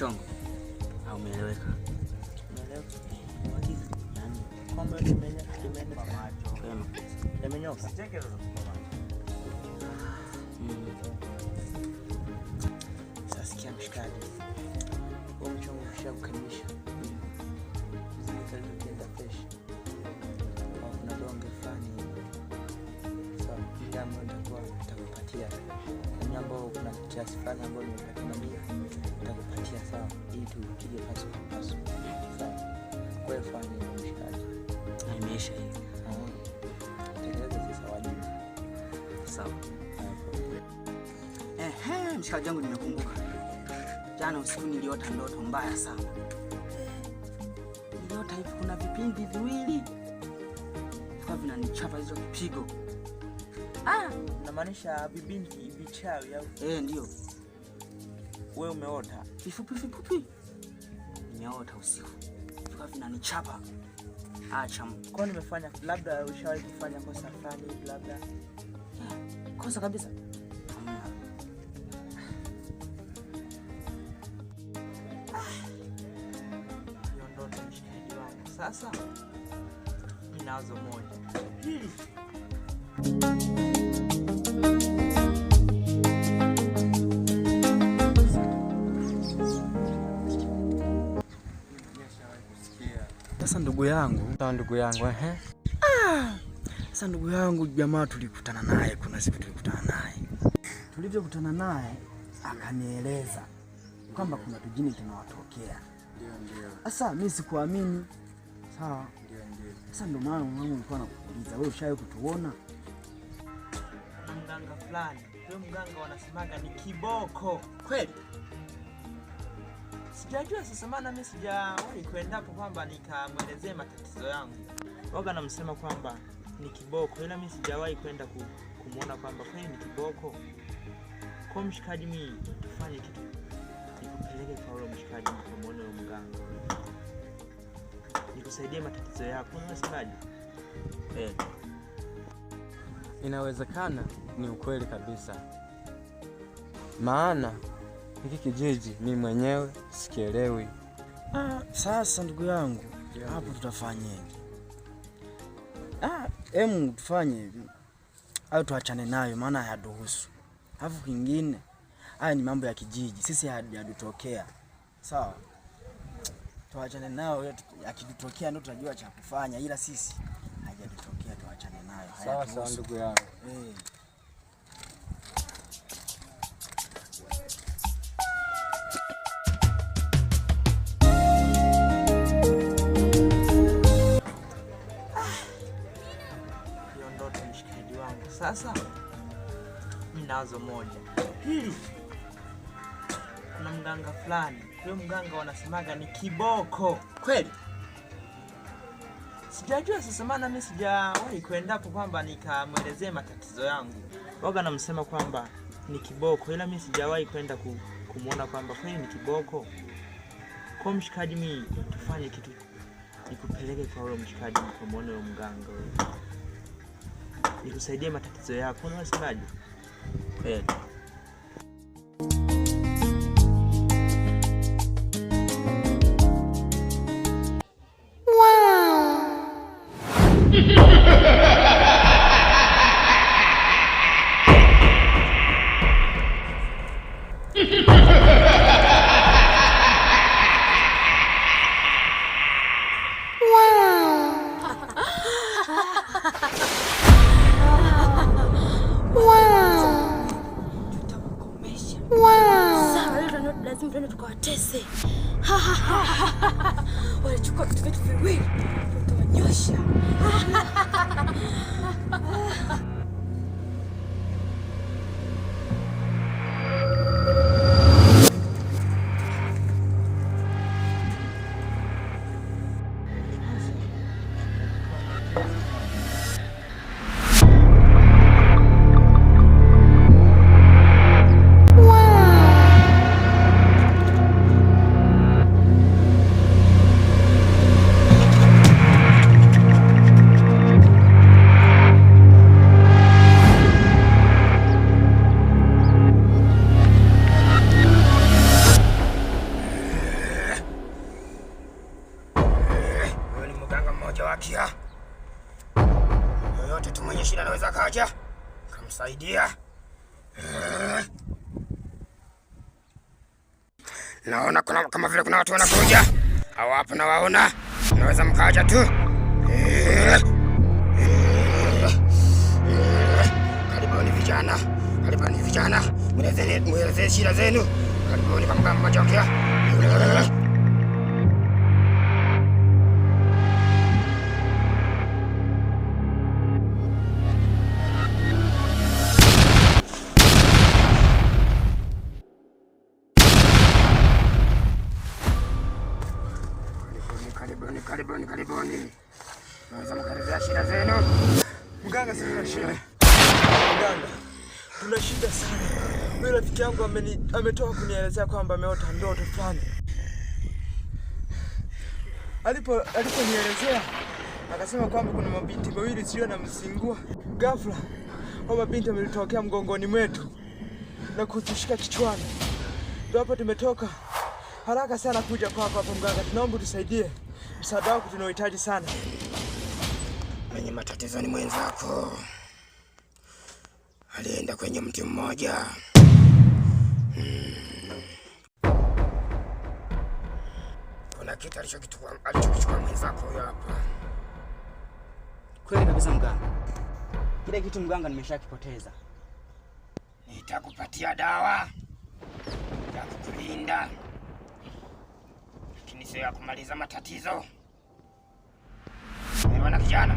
mchongo au umeeleweka? Sasikia mshikaji, mchongo kisha kukamilisha zikalienda kesho, kuna donge kiasi fulani ambayo nimekatimamia nitakupatia sawa, ili tukije paso kwa paso. Kwa mshikaji, mshikaji wangu, nimekumbuka jana usiku niliota ndoto mbaya sana. Niliota hivi, kuna vipindi viwili vikawa vinanichapa hizo kipigo Ah, namaanisha vibinti vichawi Eh, ndio. Wewe umeota vifupi vifupi? Nimeota usiku vikawa vinanichapa. Acha kwa nimefanya, labda ushawahi kufanya kosa fulani, labda eh, kosa kabisa sasa ninazo moja hili ndugu yangu. Sawa ndugu yangu, ehe. Ah, sasa ndugu yangu jamaa tulikutana naye, kuna siku tulikutana naye. Tulivyokutana naye akanieleza kwamba kuna tujini tunawatokea. Ndio, ndio. Sasa mimi sikuamini. Sawa. Ndio, ndio. Sasa ndio maana mwanangu nilikuwa nakuuliza, wewe ushawahi kutuona? Mganga fulani, wewe mganga wanasemaga ni kiboko. Kweli? Sijajua sasa, maana mimi sijawahi kwenda hapo kwamba nikamwelezea matatizo yangu. Waga namsema kwamba ni kiboko, ila mimi sijawahi kwenda kumwona kwamba kweli ni kiboko. Kwa mshikaji, mimi tufanye kitu, nikupeleke kwa ule mshikaji, nikamwone ule mganga, nikusaidie matatizo yako. mshikaji Eh, inawezekana. Ni ukweli kabisa, maana hiki kijiji mi mwenyewe sikielewi. Ah, sasa ndugu yangu hapo tutafanyeje? Ah, emu tufanye hivi au tuachane nayo, maana hayaduhusu. Alafu kingine, haya ni mambo ya kijiji, sisi hajatutokea sawa. Tuachane nayo, akitutokea ndio tutajua cha kufanya, ila sisi hajatutokea, tuachane nayo. Sawa sawa ndugu yangu. Eh. Sasa ninawazo moja hili, hmm. kuna mganga fulani, huyo mganga wanasemaga ni kiboko kweli. Sijajua sasa, maana mimi sijawahi kuendapo kwamba nikamwelezea matatizo yangu. Waga namsema kwamba ni kiboko, ila mimi sijawahi kwenda kumwona kwamba kweli ni kiboko. Kwa mshikaji, mii tufanye kitu, nikupeleke kwa huyo mshikaji, ukamwone huyo mganga nikusaidie matatizo yako, unasemaje? Eh. Wow. lazima tuende tukawatese. Walichukua vitu vyetu viwili tutawanyosha. yoyote tu mwenye shida anaweza kaja kamsaidia. Naona kuna kama vile kuna watu wanakuja au hapo, nawaona naweza mkaja tu. Karibuni vijana, karibuni vijana, mwelezeni shida zenu, karibuni kwa mganga Majokea. Karibuni, karibuni, karibuni. Naweza mkaribia shida zenu. Mganga, sina shida. Mganga, tuna shida sana. Yule rafiki yangu ametoka kunielezea kwamba ameota ndoto fulani. Alipo aliponielezea akasema kwamba kuna mabinti wawili sio na msingua. Ghafla hao mabinti wametokea mgongoni mwetu na kutushika kichwani. Ndio hapo tumetoka haraka sana kuja kwako hapo mganga, tunaomba tusaidie. Msaada wako tunaohitaji sana. Mwenye matatizo ni mwenzako alienda kwenye mti mmoja. Hmm. Kuna kitu alichokichukua mwenzako huyo hapa. Kweli kabisa mganga, kile kitu mganga nimeshakipoteza. Nitakupatia dawa ya kukulinda mafanikio ya kumaliza matatizo. Umeona kijana,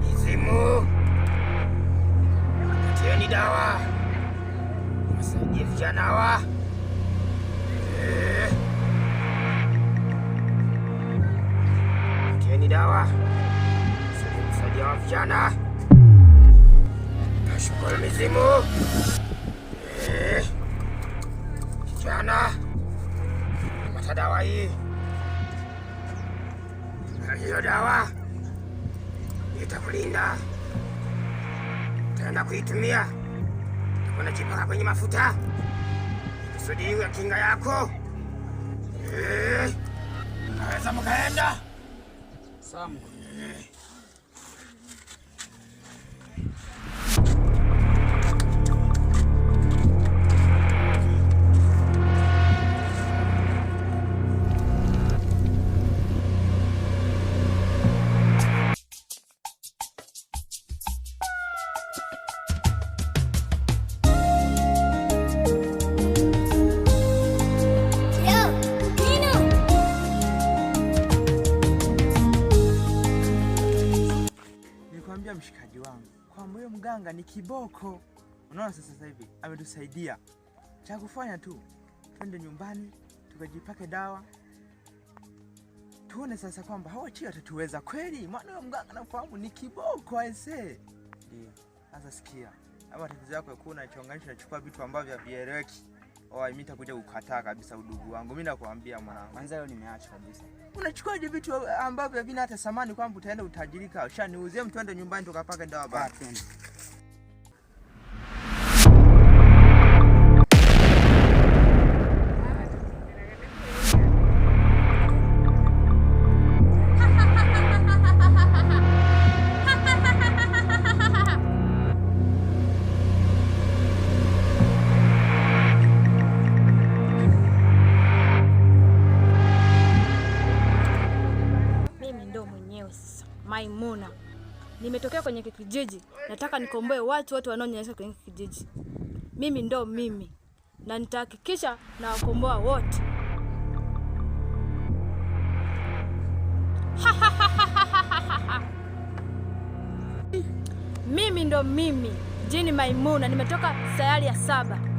mizimu patieni dawa, wasaidie vijana hawa. Patieni eh. dawa, msaidia wa vijana, nashukuru mizimu kijana eh. Acha dawa hii. Hiyo dawa itakulinda, utaenda kuitumia unajipaka kwenye mafuta kusudi ya kinga yako. Naweza mkaenda Sam. Nikamwambia mshikaji wangu kwamba huyo mganga ni kiboko. Unaona, sasa hivi ametusaidia, cha kufanya tu twende nyumbani tukajipake dawa, tuone sasa kwamba hawa chii watatuweza kweli, maana huyo mganga nafahamu ni kiboko aisee. Ndio sasa sikia, ama tatizo yako kuna chonganisho, nachukua vitu ambavyo havieleweki Oh, mi takuja kukataa kabisa udugu wangu. mi nakwambia mwanangu. Kwanza leo nimeacha kabisa. Unachukuaje vitu ambavyo havina hata thamani kwamba utaenda utajirika? Ushaniuzie mtu nyumbani tukapaka dawa basi. Maimuna. Nimetokea kwenye kijiji, nataka nikomboe watu wote wanaonyanyaswa kwenye kijiji. Mimi ndo mimi, na nitahakikisha nawakomboa wote. Mimi ndo mimi, jini Maimuna, nimetoka sayari ya saba.